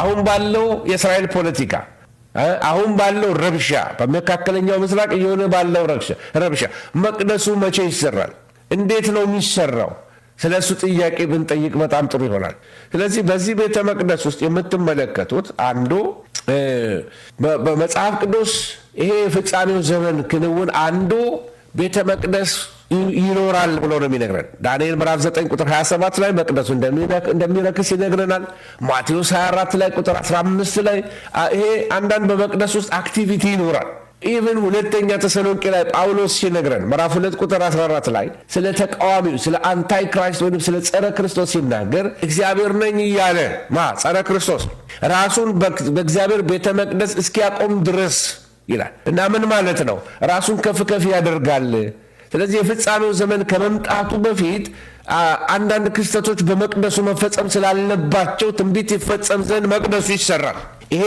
አሁን ባለው የእስራኤል ፖለቲካ አሁን ባለው ረብሻ በመካከለኛው ምስራቅ እየሆነ ባለው ረብሻ መቅደሱ መቼ ይሰራል? እንዴት ነው የሚሰራው? ስለ እሱ ጥያቄ ብንጠይቅ በጣም ጥሩ ይሆናል። ስለዚህ በዚህ ቤተ መቅደስ ውስጥ የምትመለከቱት አንዱ በመጽሐፍ ቅዱስ ይሄ የፍጻሜው ዘመን ክንውን አንዱ ቤተ መቅደስ ይኖራል ብሎ ነው የሚነግረን። ዳንኤል ምዕራፍ 9 ቁጥር 27 ላይ መቅደሱ እንደሚረክስ ይነግረናል። ማቴዎስ 24 ላይ ቁጥር 15 ላይ ይሄ አንዳንድ በመቅደስ ውስጥ አክቲቪቲ ይኖራል። ኢቨን ሁለተኛ ተሰሎንቄ ላይ ጳውሎስ ሲነግረን ምዕራፍ 2 ቁጥር 14 ላይ ስለ ተቃዋሚው ስለ አንታይ ክራይስት ወይም ስለ ጸረ ክርስቶስ ሲናገር እግዚአብሔር ነኝ እያለ ማ ጸረ ክርስቶስ ራሱን በእግዚአብሔር ቤተ መቅደስ እስኪያቆም ድረስ ይላል እና ምን ማለት ነው? ራሱን ከፍ ከፍ ያደርጋል ስለዚህ የፍጻሜው ዘመን ከመምጣቱ በፊት አንዳንድ ክስተቶች በመቅደሱ መፈጸም ስላለባቸው ትንቢት ይፈጸም ዘንድ መቅደሱ ይሰራል። ይሄ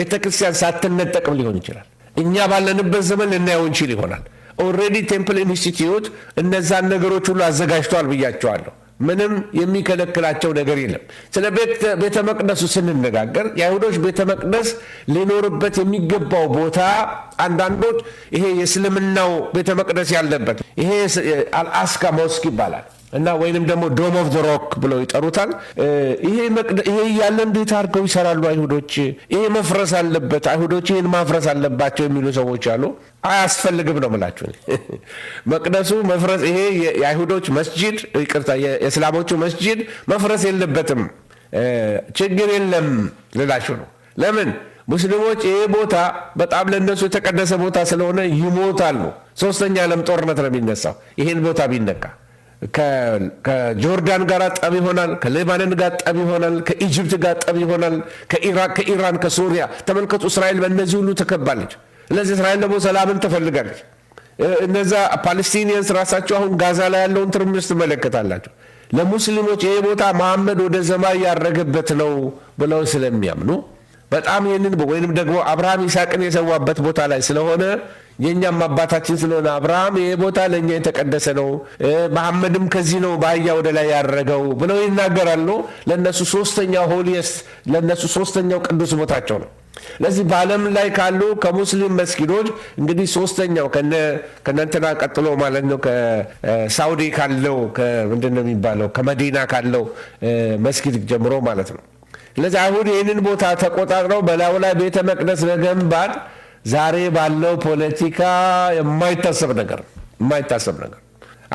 ቤተ ክርስቲያን ሳትነጠቅም ሊሆን ይችላል። እኛ ባለንበት ዘመን ልናየው እንችል ይሆናል። ኦልሬዲ ቴምፕል ኢንስቲትዩት እነዛን ነገሮች ሁሉ አዘጋጅተዋል ብያቸዋለሁ። ምንም የሚከለክላቸው ነገር የለም። ስለ ቤተ መቅደሱ ስንነጋገር የአይሁዶች ቤተ መቅደስ ሊኖርበት የሚገባው ቦታ አንዳንዶች ይሄ የእስልምናው ቤተ መቅደስ ያለበት ይሄ አልአስካ ሞስክ ይባላል። እና ወይንም ደግሞ ዶም ኦፍ ዘ ሮክ ብለው ይጠሩታል። ይሄ ያለ እንዴት አድርገው ይሰራሉ አይሁዶች? ይሄ መፍረስ አለበት፣ አይሁዶች ይህን ማፍረስ አለባቸው የሚሉ ሰዎች አሉ። አያስፈልግም ነው ምላችሁ። መቅደሱ መፍረስ ይሄ የአይሁዶች መስጂድ ይቅርታ፣ የእስላሞቹ መስጂድ መፍረስ የለበትም፣ ችግር የለም ልላችሁ ነው። ለምን ሙስሊሞች ይሄ ቦታ በጣም ለእነሱ የተቀደሰ ቦታ ስለሆነ ይሞታሉ። ሶስተኛ ዓለም ጦርነት ነው የሚነሳው ይሄን ቦታ ቢነካ ከጆርዳን ጋር ጠብ ይሆናል፣ ከሌባንን ጋር ጠብ ይሆናል፣ ከኢጅፕት ጋር ጠብ ይሆናል፣ ከኢራቅ፣ ከኢራን፣ ከሱሪያ ተመልከቱ። እስራኤል በእነዚህ ሁሉ ተከባለች። ስለዚህ እስራኤል ደግሞ ሰላምን ትፈልጋለች። እነዛ ፓለስቲኒየንስ ራሳቸው አሁን ጋዛ ላይ ያለውን ትርምስ ትመለከታላቸው። ለሙስሊሞች ይሄ ቦታ መሐመድ ወደ ዘማ ያረገበት ነው ብለው ስለሚያምኑ በጣም ይህንን ወይንም ደግሞ አብርሃም ይስሐቅን የሰዋበት ቦታ ላይ ስለሆነ የእኛም አባታችን ስለሆነ አብርሃም ይህ ቦታ ለእኛ የተቀደሰ ነው፣ መሐመድም ከዚህ ነው በአህያ ወደ ላይ ያደረገው ብለው ይናገራሉ። ለእነሱ ሶስተኛው ሆሊየስት ለእነሱ ሶስተኛው ቅዱስ ቦታቸው ነው። ለዚህ በዓለም ላይ ካሉ ከሙስሊም መስጊዶች እንግዲህ ሶስተኛው ከነንትና ቀጥሎ ማለት ነው ከሳውዲ ካለው ምንድን ነው የሚባለው ከመዲና ካለው መስጊድ ጀምሮ ማለት ነው ስለዚህ አይሁድ ይህንን ቦታ ተቆጣጥረው በላዩ ላይ ቤተ መቅደስ መገንባት ዛሬ ባለው ፖለቲካ የማይታሰብ ነገር የማይታሰብ ነገር።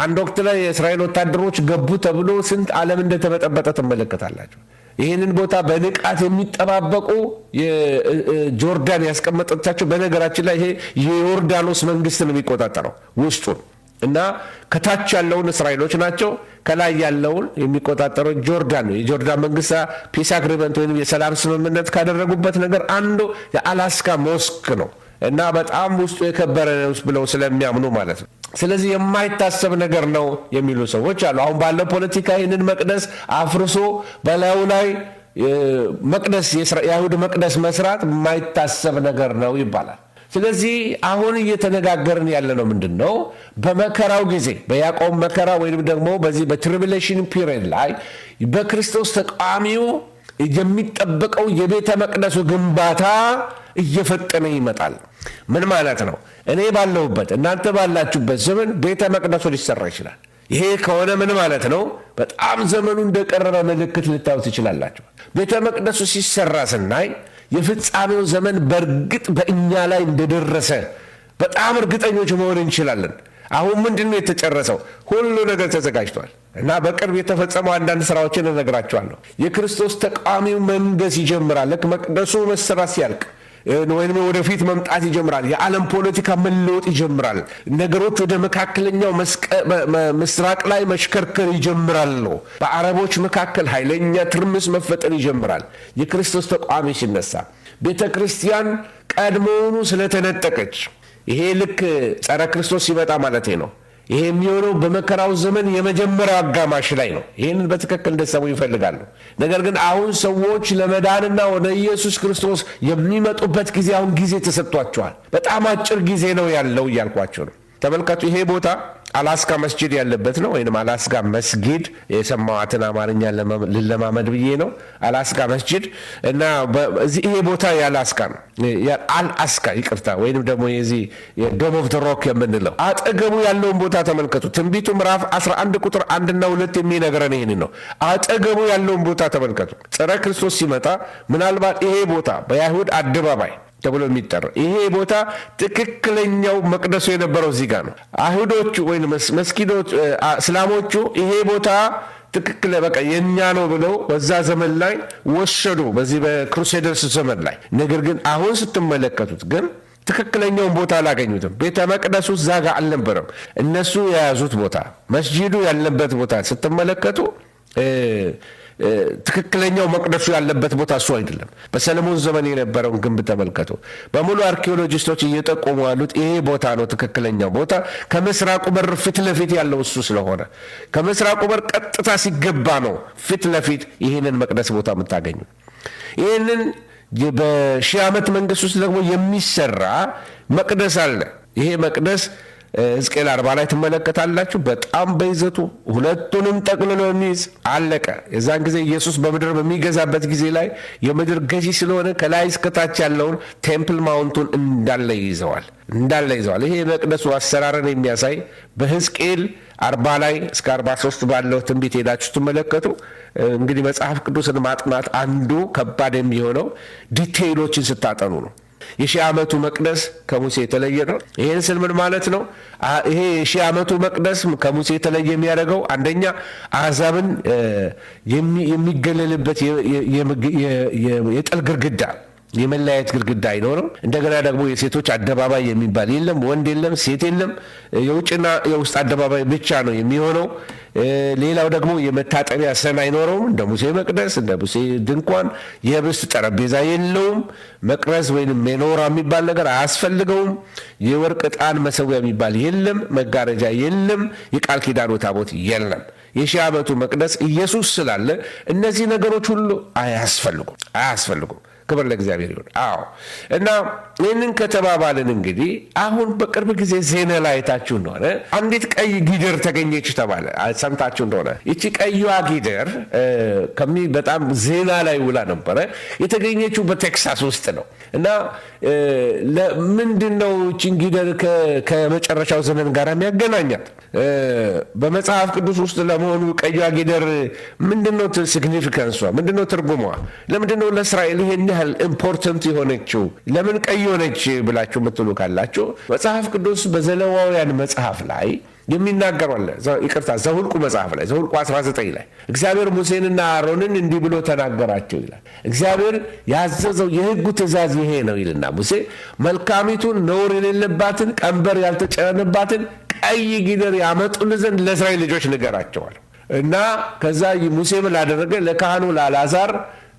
አንድ ወቅት ላይ የእስራኤል ወታደሮች ገቡ ተብሎ ስንት ዓለም እንደተበጠበጠ ትመለከታላቸው። ይህንን ቦታ በንቃት የሚጠባበቁ ጆርዳን ያስቀመጠቻቸው፣ በነገራችን ላይ ይሄ የዮርዳኖስ መንግስት ነው የሚቆጣጠረው ውስጡን እና ከታች ያለውን እስራኤሎች ናቸው፣ ከላይ ያለውን የሚቆጣጠረው ጆርዳን ነው። የጆርዳን መንግስት ፒስ አግሪመንት ወይም የሰላም ስምምነት ካደረጉበት ነገር አንዱ የአላስካ ሞስክ ነው እና በጣም ውስጡ የከበረ ነው ብለው ስለሚያምኑ ማለት ነው። ስለዚህ የማይታሰብ ነገር ነው የሚሉ ሰዎች አሉ። አሁን ባለው ፖለቲካ ይህንን መቅደስ አፍርሶ በላዩ ላይ መቅደስ የአይሁድ መቅደስ መስራት የማይታሰብ ነገር ነው ይባላል። ስለዚህ አሁን እየተነጋገርን ያለነው ምንድን ነው? በመከራው ጊዜ በያዕቆብ መከራ ወይም ደግሞ በዚህ በትሪቢሌሽን ፒሪየድ ላይ በክርስቶስ ተቃዋሚው የሚጠበቀው የቤተ መቅደሱ ግንባታ እየፈጠነ ይመጣል። ምን ማለት ነው? እኔ ባለሁበት እናንተ ባላችሁበት ዘመን ቤተ መቅደሱ ሊሰራ ይችላል። ይሄ ከሆነ ምን ማለት ነው? በጣም ዘመኑ እንደቀረበ ምልክት ልታዩ ትችላላችሁ። ቤተ መቅደሱ ሲሰራ ስናይ የፍጻሜው ዘመን በእርግጥ በእኛ ላይ እንደደረሰ በጣም እርግጠኞች መሆን እንችላለን። አሁን ምንድን ነው የተጨረሰው? ሁሉ ነገር ተዘጋጅቷል እና በቅርብ የተፈጸመው አንዳንድ ስራዎችን እነግራቸዋለሁ። የክርስቶስ ተቃዋሚው መንገስ ይጀምራል። መቅደሱ መሰራት ሲያልቅ ወይም ወደፊት መምጣት ይጀምራል። የዓለም ፖለቲካ መለወጥ ይጀምራል። ነገሮች ወደ መካከለኛው ምስራቅ ላይ መሽከርከር ይጀምራሉ። በአረቦች መካከል ኃይለኛ ትርምስ መፈጠር ይጀምራል። የክርስቶስ ተቃዋሚ ሲነሳ ቤተ ክርስቲያን ቀድሞውኑ ስለተነጠቀች ይሄ ልክ ጸረ ክርስቶስ ሲመጣ ማለት ነው። ይሄ የሚሆነው በመከራው ዘመን የመጀመሪያው አጋማሽ ላይ ነው። ይህንን በትክክል እንደሰሙ ይፈልጋሉ። ነገር ግን አሁን ሰዎች ለመዳንና ወደ ኢየሱስ ክርስቶስ የሚመጡበት ጊዜ አሁን ጊዜ ተሰጥቷቸዋል። በጣም አጭር ጊዜ ነው ያለው እያልኳቸው ነው። ተመልከቱ። ይሄ ቦታ አላስካ መስጅድ ያለበት ነው፣ ወይም አላስካ መስጊድ የሰማዋትን አማርኛ ልለማመድ ብዬ ነው። አላስካ መስጅድ እና ይሄ ቦታ የአላስካ ነው፣ አልአስካ ይቅርታ፣ ወይም ደግሞ የዚህ ዶም ኦፍ ሮክ የምንለው አጠገቡ ያለውን ቦታ ተመልከቱ። ትንቢቱ ምዕራፍ 11 ቁጥር አንድና ሁለት የሚነግረን ይህን ነው። አጠገቡ ያለውን ቦታ ተመልከቱ። ጸረ ክርስቶስ ሲመጣ ምናልባት ይሄ ቦታ በአይሁድ አደባባይ ተብሎ የሚጠራ ይሄ ቦታ ትክክለኛው መቅደሱ የነበረው እዚህ ጋር ነው። አይሁዶቹ ወይም እስላሞቹ ይሄ ቦታ ትክክለ በቃ የእኛ ነው ብለው በዛ ዘመን ላይ ወሰዱ፣ በዚህ በክሩሴደርስ ዘመን ላይ። ነገር ግን አሁን ስትመለከቱት ግን ትክክለኛውን ቦታ አላገኙትም። ቤተ መቅደሱ እዛ ጋር አልነበረም። እነሱ የያዙት ቦታ መስጂዱ ያለበት ቦታ ስትመለከቱ ትክክለኛው መቅደሱ ያለበት ቦታ እሱ አይደለም። በሰለሞን ዘመን የነበረውን ግንብ ተመልከቱ። በሙሉ አርኪኦሎጂስቶች እየጠቆሙ ያሉት ይሄ ቦታ ነው ትክክለኛው ቦታ። ከምስራቁ በር ፊት ለፊት ያለው እሱ ስለሆነ ከምስራቁ በር ቀጥታ ሲገባ ነው ፊት ለፊት ይህንን መቅደስ ቦታ የምታገኙ። ይህንን በሺህ ዓመት መንግስት ውስጥ ደግሞ የሚሰራ መቅደስ አለ። ይሄ መቅደስ ሕዝቅኤል አርባ ላይ ትመለከታላችሁ። በጣም በይዘቱ ሁለቱንም ጠቅልሎ የሚይዝ አለቀ። የዛን ጊዜ ኢየሱስ በምድር በሚገዛበት ጊዜ ላይ የምድር ገዢ ስለሆነ ከላይ እስከታች ያለውን ቴምፕል ማውንቱን እንዳለ ይዘዋል እንዳለ ይዘዋል። ይሄ የመቅደሱ አሰራርን የሚያሳይ በሕዝቅኤል አርባ ላይ እስከ አርባ ሶስት ባለው ትንቢት ሄዳችሁ ትመለከቱ። እንግዲህ መጽሐፍ ቅዱስን ማጥናት አንዱ ከባድ የሚሆነው ዲቴይሎችን ስታጠኑ ነው። የሺህ ዓመቱ መቅደስ ከሙሴ የተለየ ነው። ይህን ስል ምን ማለት ነው? ይሄ የሺህ ዓመቱ መቅደስ ከሙሴ የተለየ የሚያደርገው አንደኛ አሕዛብን የሚገለልበት የጥል ግርግዳ የመለያየት ግድግዳ አይኖርም። እንደገና ደግሞ የሴቶች አደባባይ የሚባል የለም። ወንድ የለም፣ ሴት የለም። የውጭና የውስጥ አደባባይ ብቻ ነው የሚሆነው። ሌላው ደግሞ የመታጠቢያ ሰን አይኖረውም። እንደ ሙሴ መቅደስ፣ እንደ ሙሴ ድንኳን የህብስት ጠረጴዛ የለውም። መቅረዝ ወይም ሜኖራ የሚባል ነገር አያስፈልገውም። የወርቅ ዕጣን መሰዊያ የሚባል የለም። መጋረጃ የለም። የቃል ኪዳኑ ታቦት የለም። የሺህ ዓመቱ መቅደስ ኢየሱስ ስላለ እነዚህ ነገሮች ሁሉ አያስፈልጉም አያስፈልጉም። ክብር ለእግዚአብሔር ይሁን። አዎ እና ይህንን ከተባባልን እንግዲህ አሁን በቅርብ ጊዜ ዜና ላይ አይታችሁ እንደሆነ አንዲት ቀይ ጊደር ተገኘች ተባለ። ሰምታችሁ እንደሆነ ይቺ ቀይዋ ጊደር በጣም ዜና ላይ ውላ ነበረ። የተገኘችው በቴክሳስ ውስጥ ነው እና ለምንድን ነው ይቺን ጊደር ከመጨረሻው ዘመን ጋር የሚያገናኛት? በመጽሐፍ ቅዱስ ውስጥ ለመሆኑ ቀይዋ ጊደር ምንድነው ሲግኒፊካንሷ? ምንድነው ትርጉሟ? ለምንድነው ለእስራኤል ይሄን ያህል ኢምፖርተንት የሆነችው ለምን ቀይ ሆነች ብላችሁ የምትሉ ካላችሁ መጽሐፍ ቅዱስ በዘለዋውያን መጽሐፍ ላይ የሚናገሩ አለ። ይቅርታ ዘውልቁ መጽሐፍ ላይ ዘውልቁ 19 ላይ እግዚአብሔር ሙሴንና አሮንን እንዲህ ብሎ ተናገራቸው ይላል። እግዚአብሔር ያዘዘው የህጉ ትእዛዝ ይሄ ነው ይልና ሙሴ መልካሚቱን ነውር የሌለባትን ቀንበር ያልተጫነባትን ቀይ ጊደር ያመጡን ዘንድ ለእስራኤል ልጆች ንገራቸዋል እና ከዛ ሙሴ ምን አደረገ? ለካህኑ ለአልዓዛር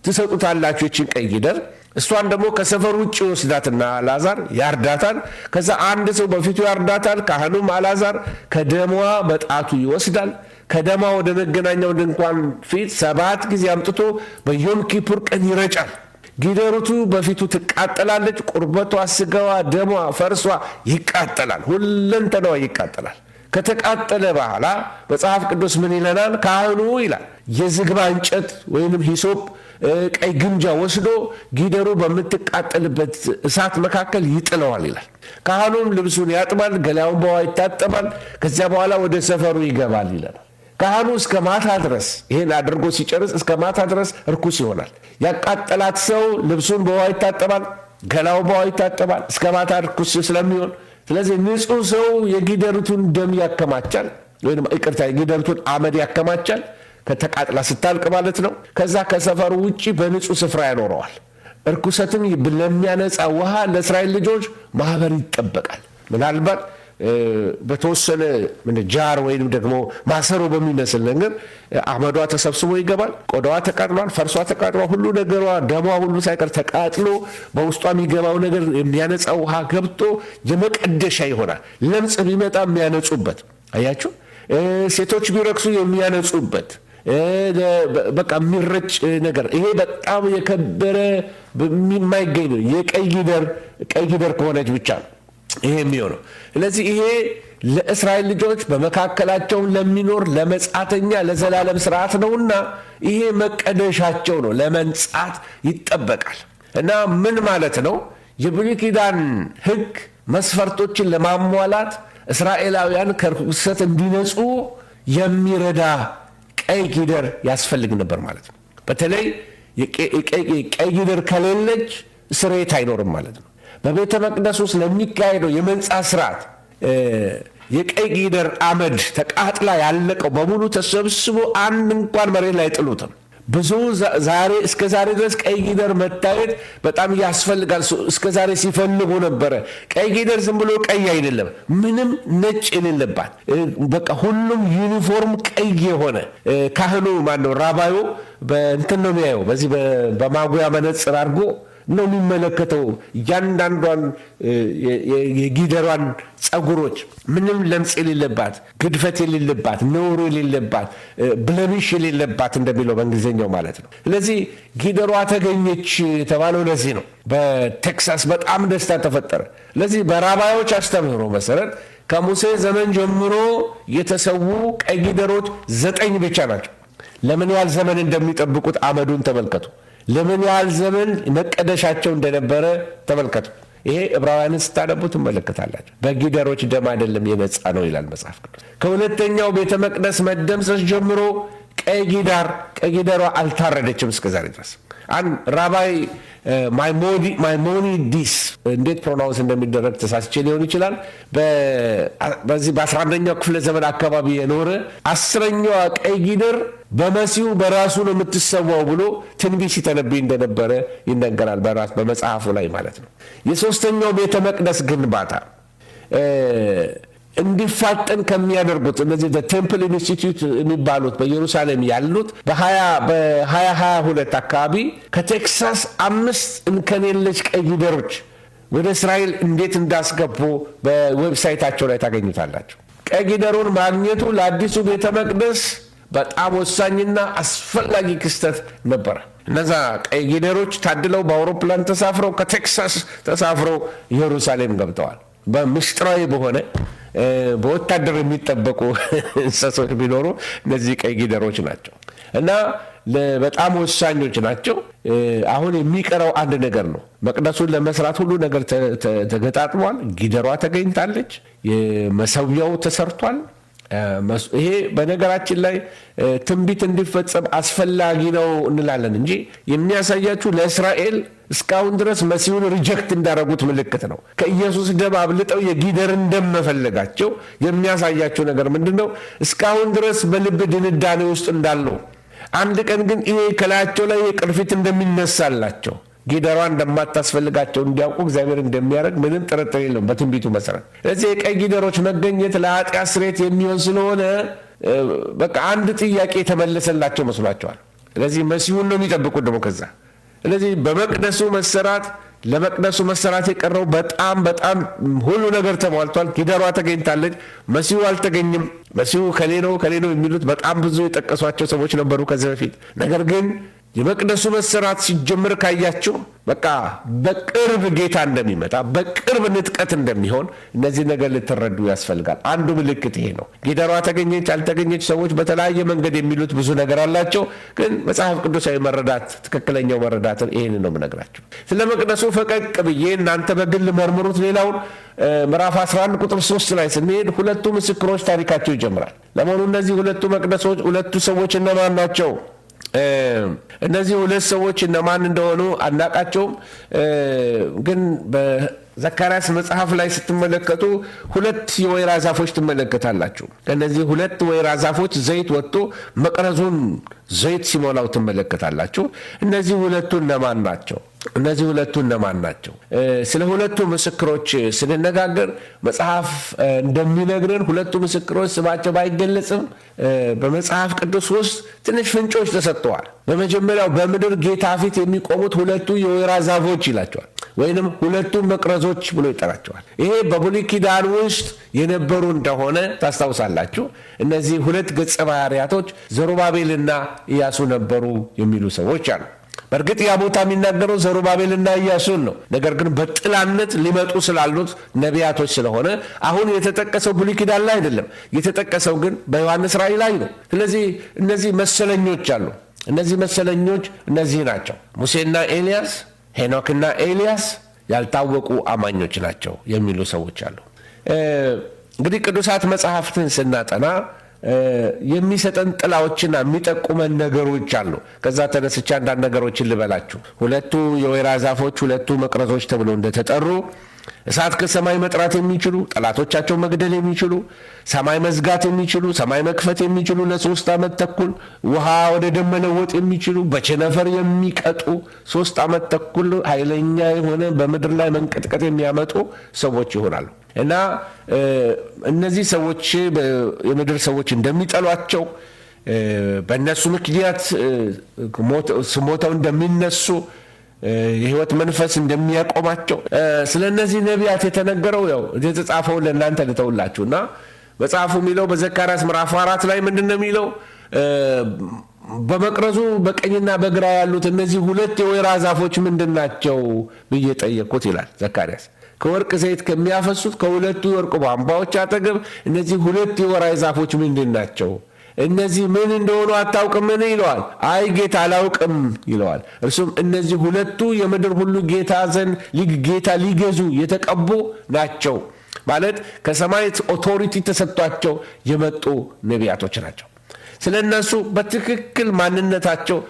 ትሰጡታላችሁ ይችን ቀይ ጊደር እሷን ደግሞ ከሰፈር ውጭ ወስዳትና አላዛር ያርዳታል። ከዛ አንድ ሰው በፊቱ ያርዳታል። ካህኑም አላዛር ከደሟ በጣቱ ይወስዳል። ከደማ ወደ መገናኛው ድንኳን ፊት ሰባት ጊዜ አምጥቶ በዮም ኪፑር ቀን ይረጫል። ጊደሩቱ በፊቱ ትቃጠላለች። ቁርበቷ፣ ስጋዋ፣ ደሟ፣ ፈርሷ ይቃጠላል። ሁለንተናዋ ይቃጠላል። ከተቃጠለ በኋላ መጽሐፍ ቅዱስ ምን ይለናል? ካህኑ ይላል የዝግባ እንጨት ወይንም ሂሶፕ ቀይ ግምጃ ወስዶ ጊደሩ በምትቃጠልበት እሳት መካከል ይጥለዋል ይላል። ካህኑም ልብሱን ያጥባል፣ ገላውን በውሃ ይታጠባል፣ ከዚያ በኋላ ወደ ሰፈሩ ይገባል ይለናል። ካህኑ እስከ ማታ ድረስ ይህን አድርጎ ሲጨርስ እስከ ማታ ድረስ እርኩስ ይሆናል። ያቃጠላት ሰው ልብሱን በውሃ ይታጠባል፣ ገላውን በውሃ ይታጠባል፣ እስከ ማታ እርኩስ ስለሚሆን ስለዚህ ንጹህ ሰው የጊደሪቱን ደም ያከማቻል፣ ወይም ይቅርታ የጊደሪቱን አመድ ያከማቻል። ከተቃጥላ ስታልቅ ማለት ነው። ከዛ ከሰፈሩ ውጭ በንጹህ ስፍራ ያኖረዋል። እርኩሰትም ለሚያነጻ ውሃ ለእስራኤል ልጆች ማህበር ይጠበቃል። ምናልባት በተወሰነ ጃር ወይም ደግሞ ማሰሮ በሚመስል ነገር አመዷ ተሰብስቦ ይገባል። ቆዳዋ ተቃጥሏል፣ ፈርሷ ተቃጥሏል፣ ሁሉ ነገሯ ደሟ ሁሉ ሳይቀር ተቃጥሎ በውስጧ የሚገባው ነገር የሚያነጻ ውሃ ገብቶ የመቀደሻ ይሆናል። ለምጽ ቢመጣ የሚያነጹበት አያችሁ፣ ሴቶች ቢረክሱ የሚያነጹበት በቃ የሚረጭ ነገር ይሄ በጣም የከበረ የማይገኝ ነው። የቀይ ቀይ ጊደር ከሆነች ብቻ ነው ይሄ የሚሆነው። ስለዚህ ይሄ ለእስራኤል ልጆች በመካከላቸው ለሚኖር ለመጻተኛ ለዘላለም ስርዓት ነውና ይሄ መቀደሻቸው ነው፣ ለመንጻት ይጠበቃል። እና ምን ማለት ነው? የብሉይ ኪዳን ሕግ መስፈርቶችን ለማሟላት እስራኤላውያን ከርኩሰት እንዲነጹ የሚረዳ ቀይ ጊደር ያስፈልግ ነበር ማለት ነው። በተለይ ቀይ ጊደር ከሌለች ስርየት አይኖርም ማለት ነው። በቤተ መቅደስ ውስጥ ለሚካሄደው የመንፃ ስርዓት የቀይ ጊደር አመድ ተቃጥላ ያለቀው በሙሉ ተሰብስቦ አንድ እንኳን መሬት ላይ ጥሉትም ብዙ ዛሬ እስከ ዛሬ ድረስ ቀይ ጊደር መታየት በጣም ያስፈልጋል። እስከ ዛሬ ሲፈልጉ ነበረ። ቀይ ጊደር ዝም ብሎ ቀይ አይደለም፣ ምንም ነጭ የሌለባት በቃ ሁሉም ዩኒፎርም ቀይ የሆነ ካህኑ ማነው ራባዩ በእንትን ነው የሚያየው በዚህ በማጉያ መነጽር አድርጎ ነው የሚመለከተው እያንዳንዷን የጊደሯን ጸጉሮች ምንም ለምጽ የሌለባት ግድፈት የሌለባት ነውሩ የሌለባት ብለሚሽ የሌለባት እንደሚለው በእንግሊዝኛው ማለት ነው። ስለዚህ ጊደሯ ተገኘች የተባለው ለዚህ ነው። በቴክሳስ በጣም ደስታ ተፈጠረ። ለዚህ በራባዮች አስተምህሮ መሰረት ከሙሴ ዘመን ጀምሮ የተሰዉ ቀይ ጊደሮች ዘጠኝ ብቻ ናቸው። ለምን ያህል ዘመን እንደሚጠብቁት አመዱን ተመልከቱ። ለምን ያህል ዘመን መቀደሻቸው እንደነበረ ተመልከቱ። ይሄ ዕብራውያንን ስታነቡ ትመለከታላችሁ። በጊደሮች ደም አይደለም የመጻ ነው ይላል መጽሐፍ ቅዱስ። ከሁለተኛው ቤተ መቅደስ መደምሰስ ጀምሮ ቀይ ጊዳር አልታረደችም እስከ ዛሬ ድረስ። ራባይ ማይሞኒ ዲስ እንዴት ፕሮናውንስ እንደሚደረግ ተሳስቼ ሊሆን ይችላል። በዚህ በ11ኛው ክፍለ ዘመን አካባቢ የኖረ አስረኛዋ ቀይ ጊደር በመሲሁ በራሱ ነው የምትሰዋው ብሎ ትንቢት ሲተነብይ እንደነበረ ይነገራል፣ በመጽሐፉ ላይ ማለት ነው። የሶስተኛው ቤተ መቅደስ ግንባታ እንዲፋጠን ከሚያደርጉት እነዚህ ቴምፕል ኢንስቲትዩት የሚባሉት በኢየሩሳሌም ያሉት በ2022 አካባቢ ከቴክሳስ አምስት እንከን የለሽ ቀይ ጊደሮች ወደ እስራኤል እንዴት እንዳስገቡ በዌብሳይታቸው ላይ ታገኙታላቸው። ቀይ ጊደሩን ማግኘቱ ለአዲሱ ቤተ መቅደስ በጣም ወሳኝና አስፈላጊ ክስተት ነበረ። እነዛ ቀይ ጊደሮች ታድለው በአውሮፕላን ተሳፍረው ከቴክሳስ ተሳፍረው ኢየሩሳሌም ገብተዋል። በምስጢራዊ በሆነ በወታደር የሚጠበቁ እንስሶች ቢኖሩ እነዚህ ቀይ ጊደሮች ናቸው እና በጣም ወሳኞች ናቸው። አሁን የሚቀረው አንድ ነገር ነው። መቅደሱን ለመስራት ሁሉ ነገር ተገጣጥሟል። ጊደሯ ተገኝታለች። መሰዊያው ተሰርቷል። ይሄ በነገራችን ላይ ትንቢት እንዲፈጸም አስፈላጊ ነው እንላለን እንጂ የሚያሳያችሁ ለእስራኤል እስካሁን ድረስ መሲሁን ሪጀክት እንዳደረጉት ምልክት ነው። ከኢየሱስ ደም አብልጠው የጊደርን ደም መፈለጋቸው የሚያሳያቸው ነገር ምንድን ነው? እስካሁን ድረስ በልብ ድንዳኔ ውስጥ እንዳለው፣ አንድ ቀን ግን ይሄ ከላያቸው ላይ ቅርፊት እንደሚነሳላቸው ጊደሯ እንደማታስፈልጋቸው እንዲያውቁ እግዚአብሔር እንደሚያደርግ ምንም ጥርጥር የለውም በትንቢቱ መሰረት። ስለዚህ የቀይ ጊደሮች መገኘት ለኃጢአት ስርየት የሚሆን ስለሆነ በቃ አንድ ጥያቄ የተመለሰላቸው መስሏቸዋል። ስለዚህ መሲሁን ነው የሚጠብቁት ደግሞ ከዛ። ስለዚህ በመቅደሱ መሰራት ለመቅደሱ መሰራት የቀረው በጣም በጣም ሁሉ ነገር ተሟልቷል። ጊደሯ ተገኝታለች። መሲሁ አልተገኝም። መሲሁ ከሌ ነው ከሌ ነው የሚሉት በጣም ብዙ የጠቀሷቸው ሰዎች ነበሩ ከዚህ በፊት ነገር ግን የመቅደሱ መሰራት ሲጀምር ካያችሁ በቃ በቅርብ ጌታ እንደሚመጣ በቅርብ ንጥቀት እንደሚሆን እነዚህ ነገር ልትረዱ ያስፈልጋል። አንዱ ምልክት ይሄ ነው። ጊደሯ ተገኘች አልተገኘች፣ ሰዎች በተለያየ መንገድ የሚሉት ብዙ ነገር አላቸው። ግን መጽሐፍ ቅዱሳዊ መረዳት ትክክለኛው መረዳትን ይህን ነው የምነግራቸው። ስለ መቅደሱ ፈቀቅ ብዬ እናንተ በግል መርምሩት። ሌላውን ምዕራፍ 11 ቁጥር 3 ላይ ስንሄድ ሁለቱ ምስክሮች ታሪካቸው ይጀምራል። ለመሆኑ እነዚህ ሁለቱ መቅደሶች ሁለቱ ሰዎች እነማን ናቸው? እነዚህ ሁለት ሰዎች እነማን እንደሆኑ አናቃቸውም። ግን በዘካርያስ መጽሐፍ ላይ ስትመለከቱ ሁለት የወይራ ዛፎች ትመለከታላችሁ። ከእነዚህ ሁለት ወይራ ዛፎች ዘይት ወጥቶ መቅረዙን ዘይት ሲሞላው ትመለከታላችሁ። እነዚህ ሁለቱ እነማን ናቸው? እነዚህ ሁለቱ እነማን ናቸው? ስለ ሁለቱ ምስክሮች ስንነጋገር መጽሐፍ እንደሚነግረን ሁለቱ ምስክሮች ስማቸው ባይገለጽም በመጽሐፍ ቅዱስ ውስጥ ትንሽ ፍንጮች ተሰጥተዋል። በመጀመሪያው በምድር ጌታ ፊት የሚቆሙት ሁለቱ የወይራ ዛፎች ይላቸዋል፣ ወይንም ሁለቱ መቅረዞች ብሎ ይጠራቸዋል። ይሄ በብሉይ ኪዳን ውስጥ የነበሩ እንደሆነ ታስታውሳላችሁ። እነዚህ ሁለት ገጸ ባህርያቶች ዘሩባቤልና ኢያሱ ነበሩ የሚሉ ሰዎች አሉ። በእርግጥ ያ ቦታ የሚናገረው ዘሩባቤልና ኢያሱን ነው። ነገር ግን በጥላነት ሊመጡ ስላሉት ነቢያቶች ስለሆነ አሁን የተጠቀሰው ብሉይ ኪዳን ላይ አይደለም። የተጠቀሰው ግን በዮሐንስ ራእይ ላይ ነው። ስለዚህ እነዚህ መሰለኞች አሉ። እነዚህ መሰለኞች እነዚህ ናቸው። ሙሴና ኤልያስ፣ ሄኖክና ኤልያስ ያልታወቁ አማኞች ናቸው የሚሉ ሰዎች አሉ። እንግዲህ ቅዱሳት መጽሐፍትን ስናጠና የሚሰጠን ጥላዎችና የሚጠቁመን ነገሮች አሉ። ከዛ ተነስቼ አንዳንድ ነገሮችን ልበላችሁ። ሁለቱ የወይራ ዛፎች ሁለቱ መቅረዞች ተብሎ እንደተጠሩ እሳት ከሰማይ መጥራት የሚችሉ ጠላቶቻቸው መግደል የሚችሉ ሰማይ መዝጋት የሚችሉ ሰማይ መክፈት የሚችሉ ለሶስት ዓመት ተኩል ውሃ ወደ ደም መለወጥ የሚችሉ በቸነፈር የሚቀጡ ሶስት ዓመት ተኩል ኃይለኛ የሆነ በምድር ላይ መንቀጥቀጥ የሚያመጡ ሰዎች ይሆናሉ እና እነዚህ ሰዎች የምድር ሰዎች እንደሚጠሏቸው በእነሱ ምክንያት ሞተው እንደሚነሱ የህይወት መንፈስ እንደሚያቆማቸው ስለ እነዚህ ነቢያት የተነገረው ያው የተጻፈውን ለእናንተ ልተውላችሁ እና መጽሐፉ የሚለው በዘካርያስ ምዕራፍ አራት ላይ ምንድን ነው የሚለው? በመቅረዙ በቀኝና በግራ ያሉት እነዚህ ሁለት የወይራ ዛፎች ምንድን ናቸው ብዬ ጠየቅኩት ይላል ዘካርያስ። ከወርቅ ዘይት ከሚያፈሱት ከሁለቱ የወርቅ ቧንቧዎች አጠገብ እነዚህ ሁለት የወይራ ዛፎች ምንድን ናቸው እነዚህ ምን እንደሆኑ አታውቅምን? ይለዋል። አይ ጌታ አላውቅም ይለዋል። እርሱም እነዚህ ሁለቱ የምድር ሁሉ ጌታ ዘንድ ጌታ ሊገዙ የተቀቡ ናቸው ማለት ከሰማይ ኦቶሪቲ ተሰጥቷቸው የመጡ ነቢያቶች ናቸው። ስለ እነሱ በትክክል ማንነታቸው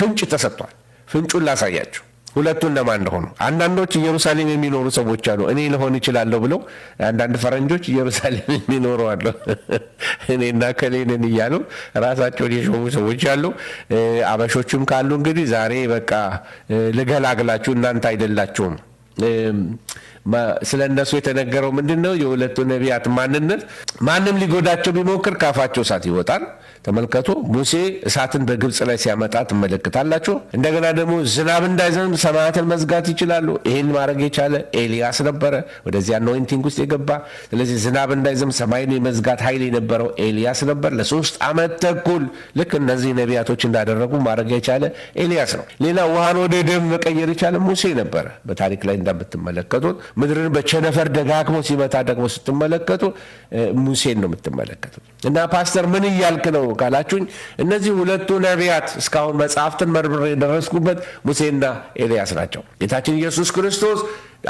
ፍንጭ ተሰጥቷል። ፍንጩን ላሳያችሁ። ሁለቱ እነማን እንደሆኑ አንዳንዶች ኢየሩሳሌም የሚኖሩ ሰዎች አሉ። እኔ ልሆን ይችላለሁ ብለው አንዳንድ ፈረንጆች ኢየሩሳሌም የሚኖሩ አሉ እኔና ከሌንን እያሉ ራሳቸውን የሾሙ ሰዎች አሉ። አበሾችም ካሉ እንግዲህ ዛሬ በቃ ልገላግላችሁ እናንተ አይደላችሁም ስለ እነሱ የተነገረው ምንድን ነው? የሁለቱ ነቢያት ማንነት ማንም ሊጎዳቸው ቢሞክር ካፋቸው እሳት ይወጣል። ተመልከቱ። ሙሴ እሳትን በግብፅ ላይ ሲያመጣ ትመለከታላችሁ። እንደገና ደግሞ ዝናብ እንዳይዘንብ ሰማያትን መዝጋት ይችላሉ። ይህን ማድረግ የቻለ ኤልያስ ነበረ፣ ወደዚህ አኖይንቲንግ ውስጥ የገባ ስለዚህ ዝናብ እንዳይዘንብ ሰማይን የመዝጋት ኃይል የነበረው ኤልያስ ነበር። ለሶስት ዓመት ተኩል ልክ እነዚህ ነቢያቶች እንዳደረጉ ማድረግ የቻለ ኤልያስ ነው። ሌላ ውሃን ወደ ደም መቀየር የቻለ ሙሴ ነበረ። በታሪክ ላይ እንደምትመለከቱት ምድርን በቸነፈር ደጋግሞ ሲመታ ደግሞ ስትመለከቱ ሙሴን ነው የምትመለከቱት። እና ፓስተር ምን እያልክ ነው ካላችሁኝ እነዚህ ሁለቱ ነቢያት እስካሁን መጽሐፍትን መርምሬ የደረስኩበት ሙሴና ኤልያስ ናቸው። ጌታችን ኢየሱስ ክርስቶስ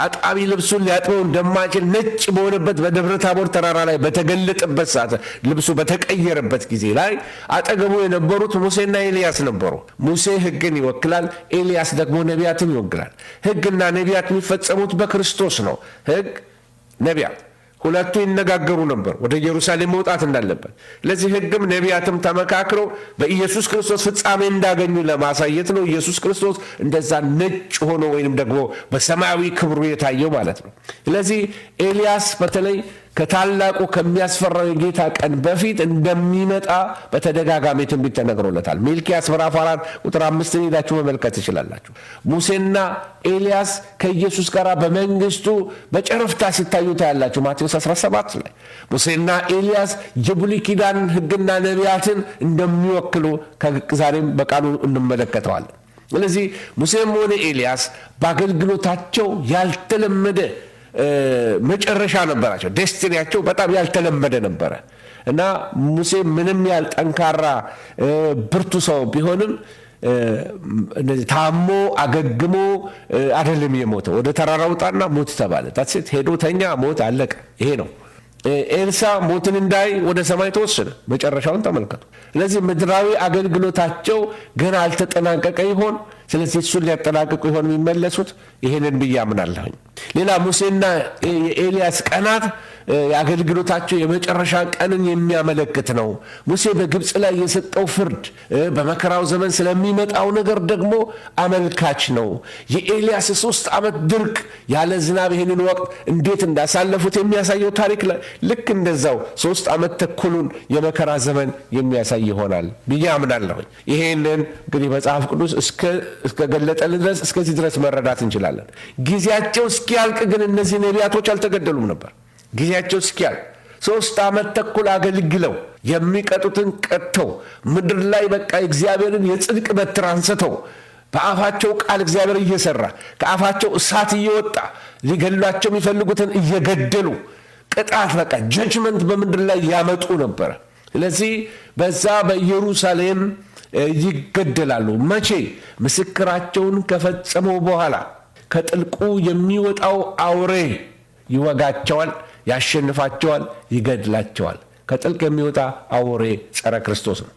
አጣቢ ልብሱን ሊያጥበው እንደማይችል ነጭ በሆነበት በደብረ ታቦር ተራራ ላይ በተገለጠበት ሰዓት ልብሱ በተቀየረበት ጊዜ ላይ አጠገቡ የነበሩት ሙሴና ኤልያስ ነበሩ። ሙሴ ሕግን ይወክላል፣ ኤልያስ ደግሞ ነቢያትን ይወክላል። ሕግና ነቢያት የሚፈጸሙት በክርስቶስ ነው። ሕግ ነቢያት ሁለቱ ይነጋገሩ ነበር ወደ ኢየሩሳሌም መውጣት እንዳለበት። ለዚህ ሕግም ነቢያትም ተመካክረው በኢየሱስ ክርስቶስ ፍጻሜ እንዳገኙ ለማሳየት ነው። ኢየሱስ ክርስቶስ እንደዛ ነጭ ሆኖ ወይም ደግሞ በሰማያዊ ክብሩ የታየው ማለት ነው። ስለዚህ ኤልያስ በተለይ ከታላቁ ከሚያስፈራው የጌታ ቀን በፊት እንደሚመጣ በተደጋጋሚ ትንቢት ተነግሮለታል። ሚልኪያስ ምዕራፍ አራት ቁጥር አምስትን ሄዳችሁ መመልከት ትችላላችሁ። ሙሴና ኤልያስ ከኢየሱስ ጋር በመንግስቱ በጨረፍታ ሲታዩ ታያላችሁ። ማቴዎስ 17 ላይ ሙሴና ኤልያስ የብሉይ ኪዳን ሕግና ነቢያትን እንደሚወክሉ ዛሬም በቃሉ እንመለከተዋለን። ስለዚህ ሙሴም ሆነ ኤልያስ በአገልግሎታቸው ያልተለመደ መጨረሻ ነበራቸው። ዴስቲኒያቸው በጣም ያልተለመደ ነበረ እና ሙሴ ምንም ያህል ጠንካራ ብርቱ ሰው ቢሆንም እነዚህ ታሞ አገግሞ አይደለም የሞተው። ወደ ተራራ ውጣና ሞት ተባለ። ሴት ሄዶ ተኛ፣ ሞት አለቀ። ይሄ ነው። ኤልሳ ሞትን እንዳይ ወደ ሰማይ ተወሰደ። መጨረሻውን ተመልከቱ። ስለዚህ ምድራዊ አገልግሎታቸው ገና አልተጠናቀቀ ይሆን? ስለዚህ እሱን ሊያጠናቅቁ ይሆን የሚመለሱት? ይሄንን ብዬ አምናለሁኝ። ሌላ ሙሴና የኤልያስ ቀናት የአገልግሎታቸው የመጨረሻ ቀንን የሚያመለክት ነው። ሙሴ በግብፅ ላይ የሰጠው ፍርድ በመከራው ዘመን ስለሚመጣው ነገር ደግሞ አመልካች ነው። የኤልያስ ሶስት ዓመት ድርቅ ያለ ዝናብ ይህንን ወቅት እንዴት እንዳሳለፉት የሚያሳየው ታሪክ ላይ ልክ እንደዛው ሶስት ዓመት ተኩሉን የመከራ ዘመን የሚያሳይ ይሆናል ብዬ አምናለሁ ይሄንን እንግዲህ መጽሐፍ ቅዱስ እስከገለጠልን ድረስ እስከዚህ ድረስ መረዳት እንችላለን። ጊዜያቸው እስኪያልቅ ግን እነዚህ ነቢያቶች አልተገደሉም ነበር። ጊዜያቸው እስኪያል ሶስት ዓመት ተኩል አገልግለው የሚቀጡትን ቀጥተው ምድር ላይ በቃ እግዚአብሔርን የጽድቅ በትር አንስተው በአፋቸው ቃል እግዚአብሔር እየሰራ ከአፋቸው እሳት እየወጣ ሊገሏቸው የሚፈልጉትን እየገደሉ ቅጣት በቃ ጀጅመንት በምድር ላይ ያመጡ ነበረ። ስለዚህ በዛ በኢየሩሳሌም ይገደላሉ። መቼ? ምስክራቸውን ከፈጸመው በኋላ ከጥልቁ የሚወጣው አውሬ ይወጋቸዋል። ያሸንፋቸዋል፣ ይገድላቸዋል። ከጥልቅ የሚወጣ አውሬ ጸረ ክርስቶስ ነው።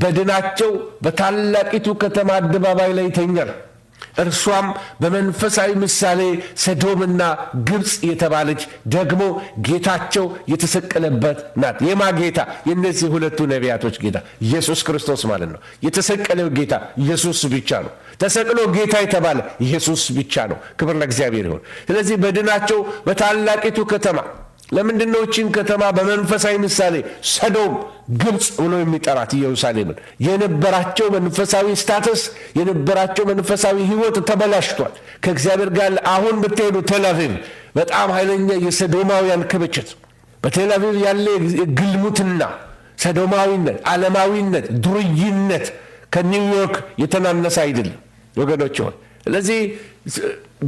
በድናቸው በታላቂቱ ከተማ አደባባይ ላይ ይተኛል። እርሷም በመንፈሳዊ ምሳሌ ሰዶምና ግብፅ የተባለች ደግሞ ጌታቸው የተሰቀለበት ናት። የማ ጌታ? የእነዚህ ሁለቱ ነቢያቶች ጌታ ኢየሱስ ክርስቶስ ማለት ነው። የተሰቀለው ጌታ ኢየሱስ ብቻ ነው። ተሰቅሎ ጌታ የተባለ ኢየሱስ ብቻ ነው። ክብር ለእግዚአብሔር ይሆን። ስለዚህ በድናቸው በታላቂቱ ከተማ ለምንድን ነው ከተማ በመንፈሳዊ ምሳሌ ሰዶም፣ ግብፅ ብሎ የሚጠራት ኢየሩሳሌምን? የነበራቸው መንፈሳዊ ስታተስ የነበራቸው መንፈሳዊ ሕይወት ተበላሽቷል። ከእግዚአብሔር ጋር አሁን ብትሄዱ ቴልአቪቭ በጣም ኃይለኛ የሰዶማውያን ክብችት በቴልአቪቭ ያለ ግልሙትና፣ ሰዶማዊነት፣ ዓለማዊነት፣ ዱርይነት ከኒውዮርክ የተናነሰ አይደለም። ወገኖች ሆይ ስለዚህ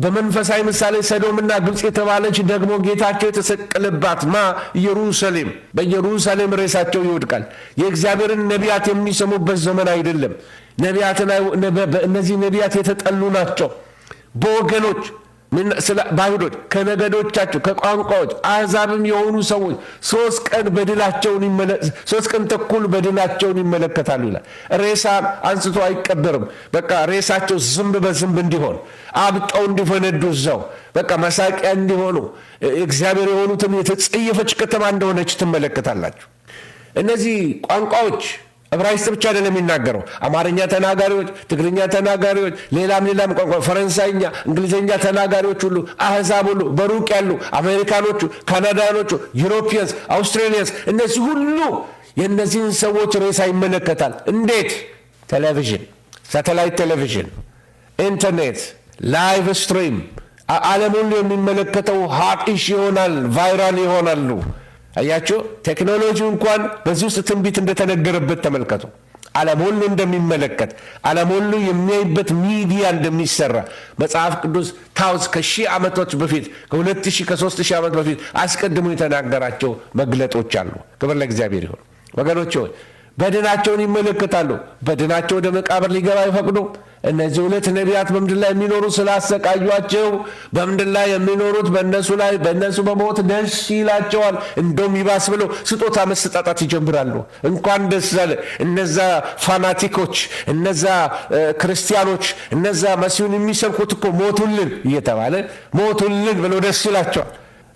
በመንፈሳዊ ምሳሌ ሰዶምና ግብፅ የተባለች ደግሞ ጌታቸው የተሰቀለባት ማ ኢየሩሳሌም። በኢየሩሳሌም ሬሳቸው ይወድቃል። የእግዚአብሔርን ነቢያት የሚሰሙበት ዘመን አይደለም። ነቢያት እነዚህ ነቢያት የተጠሉ ናቸው በወገኖች በአይሁዶች ከነገዶቻቸው ከቋንቋዎች አሕዛብም የሆኑ ሰዎች ሶስት ቀን በድላቸውን ሶስት ቀን ተኩል በድላቸውን ይመለከታሉ ይላል። ሬሳ አንስቶ አይቀበርም። በቃ ሬሳቸው ዝንብ በዝንብ እንዲሆን አብጠው እንዲፈነዱ እዛው በቃ መሳቂያ እንዲሆኑ እግዚአብሔር የሆኑትን የተጸየፈች ከተማ እንደሆነች ትመለከታላችሁ። እነዚህ ቋንቋዎች ዕብራይስጥ ብቻ አይደለም የሚናገረው። አማርኛ ተናጋሪዎች፣ ትግርኛ ተናጋሪዎች፣ ሌላም ሌላም ቋንቋ ፈረንሳይኛ፣ እንግሊዝኛ ተናጋሪዎች ሁሉ አህዛብ ሁሉ በሩቅ ያሉ አሜሪካኖቹ፣ ካናዳኖቹ፣ ዩሮፒያንስ፣ አውስትራሊያንስ እነዚህ ሁሉ የእነዚህን ሰዎች ሬሳ ይመለከታል። እንዴት? ቴሌቪዥን፣ ሳተላይት ቴሌቪዥን፣ ኢንተርኔት፣ ላይቭ ስትሪም ዓለም ሁሉ የሚመለከተው ሀቅ ይሆናል፣ ቫይራል ይሆናሉ። አያችሁ፣ ቴክኖሎጂ እንኳን በዚህ ውስጥ ትንቢት እንደተነገረበት ተመልከቱ። ዓለም ሁሉ እንደሚመለከት ዓለም ሁሉ የሚያይበት ሚዲያ እንደሚሰራ መጽሐፍ ቅዱስ ታውስ ከሺህ ዓመቶች በፊት ከሁለት ሺህ ከሦስት ሺህ ዓመት በፊት አስቀድሞ የተናገራቸው መግለጦች አሉ። ክብር ለእግዚአብሔር ይሁን። ወገኖች ሆይ በድናቸውን ይመለከታሉ። በድናቸው ወደ መቃብር ሊገባ አይፈቅዱም። እነዚህ ሁለት ነቢያት በምድር ላይ የሚኖሩ ስላሰቃዩቸው በምድር ላይ የሚኖሩት በእነሱ ላይ በእነሱ በሞት ደስ ይላቸዋል። እንደውም ይባስ ብለው ስጦታ መሰጣጣት ይጀምራሉ። እንኳን ደስ አለ። እነዛ ፋናቲኮች፣ እነዛ ክርስቲያኖች፣ እነዛ መሲሁን የሚሰብኩት እኮ ሞቱልን እየተባለ ሞቱልን ብለው ደስ ይላቸዋል።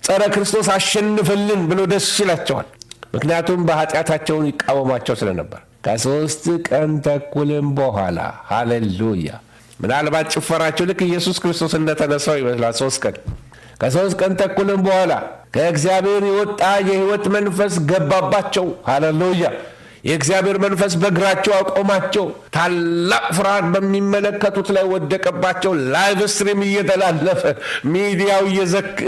ጸረ ክርስቶስ አሸንፍልን ብለው ደስ ይላቸዋል። ምክንያቱም በኃጢአታቸውን ይቃወማቸው ስለነበር ከሦስት ቀን ተኩልም በኋላ ሃሌሉያ። ምናልባት ጭፈራችሁ ልክ ኢየሱስ ክርስቶስ እንደተነሳው ይመስላል። ሶስት ቀን ከሶስት ቀን ተኩልም በኋላ ከእግዚአብሔር የወጣ የሕይወት መንፈስ ገባባቸው። ሃሌሉያ። የእግዚአብሔር መንፈስ በእግራቸው አቆማቸው። ታላቅ ፍርሃት በሚመለከቱት ላይ ወደቀባቸው። ላይቭ ስትሪም እየተላለፈ ሚዲያው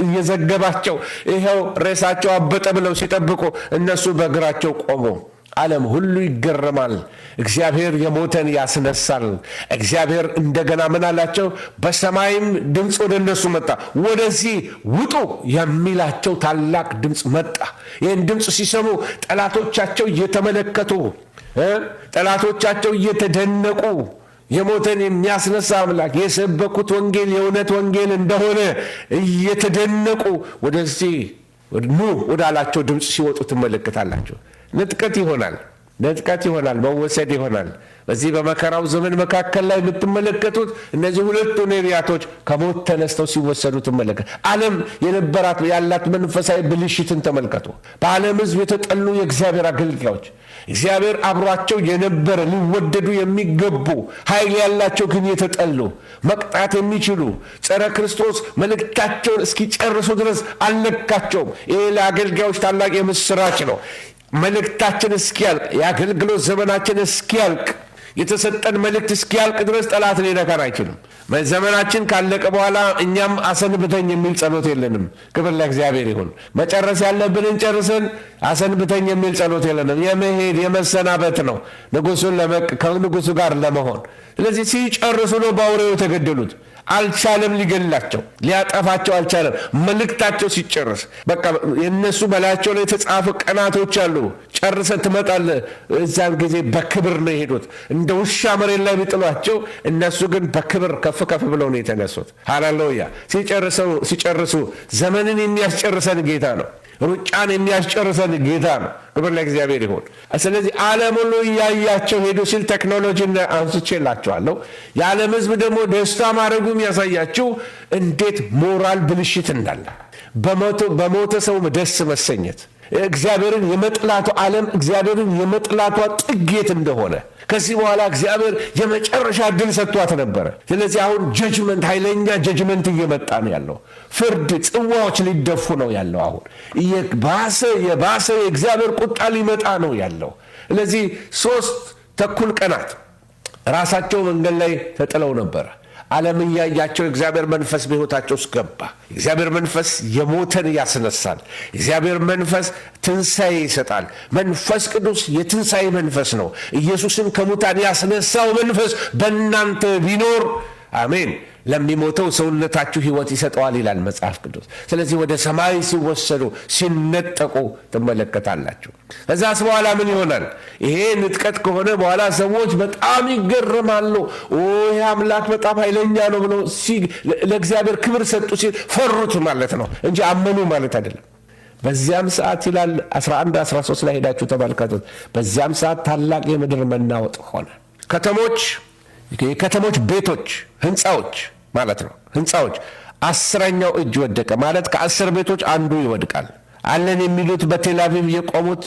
እየዘገባቸው ይኸው ሬሳቸው አበጠ ብለው ሲጠብቁ እነሱ በእግራቸው ቆሙ። ዓለም ሁሉ ይገረማል። እግዚአብሔር የሞተን ያስነሳል። እግዚአብሔር እንደገና ምን አላቸው? በሰማይም ድምፅ ወደ እነሱ መጣ፣ ወደዚህ ውጡ የሚላቸው ታላቅ ድምፅ መጣ። ይህን ድምፅ ሲሰሙ ጠላቶቻቸው እየተመለከቱ ጠላቶቻቸው እየተደነቁ የሞተን የሚያስነሳ አምላክ የሰበኩት ወንጌል የእውነት ወንጌል እንደሆነ እየተደነቁ ወደዚህ ኑ ወዳላቸው ድምፅ ሲወጡ ትመለከታላቸው። ንጥቀት ይሆናል ንጥቀት ይሆናል፣ መወሰድ ይሆናል። በዚህ በመከራው ዘመን መካከል ላይ የምትመለከቱት እነዚህ ሁለቱ ነቢያቶች ከሞት ተነስተው ሲወሰዱ ትመለከት። ዓለም የነበራት ያላት መንፈሳዊ ብልሽትን ተመልከቱ። በዓለም ሕዝብ የተጠሉ የእግዚአብሔር አገልጋዮች እግዚአብሔር አብሯቸው የነበረ ሊወደዱ የሚገቡ ኃይል ያላቸው ግን የተጠሉ መቅጣት የሚችሉ ጸረ ክርስቶስ መልእክታቸውን እስኪጨርሱ ድረስ አልነካቸውም። ይህ ለአገልጋዮች ታላቅ የምስራች ነው። መልእክታችን እስኪያልቅ የአገልግሎት ዘመናችን እስኪያልቅ የተሰጠን መልእክት እስኪያልቅ ድረስ ጠላት ሊነካን አይችልም። ዘመናችን ካለቀ በኋላ እኛም አሰንብተኝ የሚል ጸሎት የለንም። ክብር ለእግዚአብሔር ይሁን። መጨረስ ያለብንን ጨርሰን አሰንብተኝ የሚል ጸሎት የለንም። የመሄድ የመሰናበት ነው ንጉሱን ከንጉሱ ጋር ለመሆን ስለዚህ ሲጨርሱ ነው በአውሬው የተገደሉት። አልቻለም። ሊገላቸው ሊያጠፋቸው አልቻለም። መልእክታቸው ሲጨርስ በቃ የእነሱ በላያቸው ላይ የተጻፈ ቀናቶች አሉ። ጨርሰ ትመጣለ። እዛን ጊዜ በክብር ነው የሄዱት። እንደ ውሻ መሬት ላይ ቢጥሏቸው እነሱ ግን በክብር ከፍ ከፍ ብለው ነው የተነሱት። ሃሌሉያ። ሲጨርሱ ዘመንን የሚያስጨርሰን ጌታ ነው። ሩጫን የሚያስጨርሰን ጌታ ነው። ክብር ለእግዚአብሔር ይሁን። ስለዚህ ዓለም ሁሉ እያያቸው ሄዱ ሲል ቴክኖሎጂን አንስቼላቸዋለሁ። የዓለም ሕዝብ ደግሞ ደስታ ማድረጉ የሚያሳያችው እንዴት ሞራል ብልሽት እንዳለ በሞተ ሰውም ደስ መሰኘት እግዚአብሔርን የመጥላቱ ዓለም እግዚአብሔርን የመጥላቷ ጥጌት እንደሆነ ከዚህ በኋላ እግዚአብሔር የመጨረሻ ድል ሰጥቷት ነበረ። ስለዚህ አሁን ጀጅመንት፣ ኃይለኛ ጀጅመንት እየመጣ ነው ያለው። ፍርድ ጽዋዎች ሊደፉ ነው ያለው። አሁን የባሰ የባሰ የእግዚአብሔር ቁጣ ሊመጣ ነው ያለው። ስለዚህ ሶስት ተኩል ቀናት ራሳቸው መንገድ ላይ ተጥለው ነበረ። ዓለም እያያቸው እግዚአብሔር መንፈስ በሕይወታቸው ውስጥ ገባ። እግዚአብሔር መንፈስ የሞተን ያስነሳል። እግዚአብሔር መንፈስ ትንሣኤ ይሰጣል። መንፈስ ቅዱስ የትንሣኤ መንፈስ ነው። ኢየሱስን ከሙታን ያስነሳው መንፈስ በእናንተ ቢኖር አሜን ለሚሞተው ሰውነታችሁ ሕይወት ይሰጠዋል ይላል መጽሐፍ ቅዱስ። ስለዚህ ወደ ሰማይ ሲወሰዱ ሲነጠቁ ትመለከታላችሁ። ከዛስ በኋላ ምን ይሆናል? ይሄ ንጥቀት ከሆነ በኋላ ሰዎች በጣም ይገረማሉ። ይህ አምላክ በጣም ኃይለኛ ነው ብለው ለእግዚአብሔር ክብር ሰጡ ሲል ፈሩት ማለት ነው እንጂ አመኑ ማለት አይደለም። በዚያም ሰዓት ይላል 11 13 ላይ ሄዳችሁ ተመልከቱት። በዚያም ሰዓት ታላቅ የምድር መናወጥ ሆነ። ከተሞች የከተሞች ቤቶች፣ ህንፃዎች ማለት ነው። ህንፃዎች አስረኛው እጅ ወደቀ ማለት ከአስር ቤቶች አንዱ ይወድቃል አለን የሚሉት በቴላቪቭ የቆሙት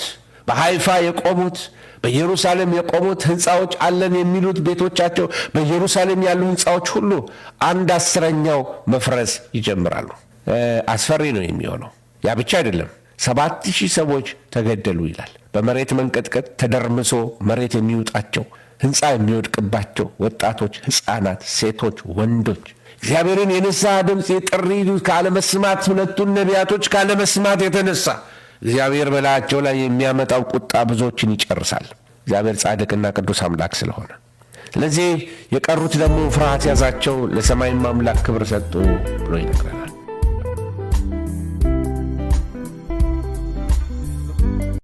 በሃይፋ የቆሙት በኢየሩሳሌም የቆሙት ህንፃዎች አለን የሚሉት ቤቶቻቸው በኢየሩሳሌም ያሉ ህንፃዎች ሁሉ አንድ አስረኛው መፍረስ ይጀምራሉ። አስፈሪ ነው የሚሆነው። ያ ብቻ አይደለም። ሰባት ሺህ ሰዎች ተገደሉ ይላል። በመሬት መንቀጥቀጥ ተደርምሶ መሬት የሚውጣቸው ህንፃ የሚወድቅባቸው ወጣቶች፣ ህፃናት፣ ሴቶች፣ ወንዶች እግዚአብሔርን የንስሐ ድምፅ የጥሪ ካለመስማት ሁለቱን ነቢያቶች ካለመስማት የተነሳ እግዚአብሔር በላያቸው ላይ የሚያመጣው ቁጣ ብዙዎችን ይጨርሳል። እግዚአብሔር ጻድቅና ቅዱስ አምላክ ስለሆነ ስለዚህ የቀሩት ደግሞ ፍርሃት ያዛቸው፣ ለሰማይም አምላክ ክብር ሰጡ ብሎ ይነግረናል።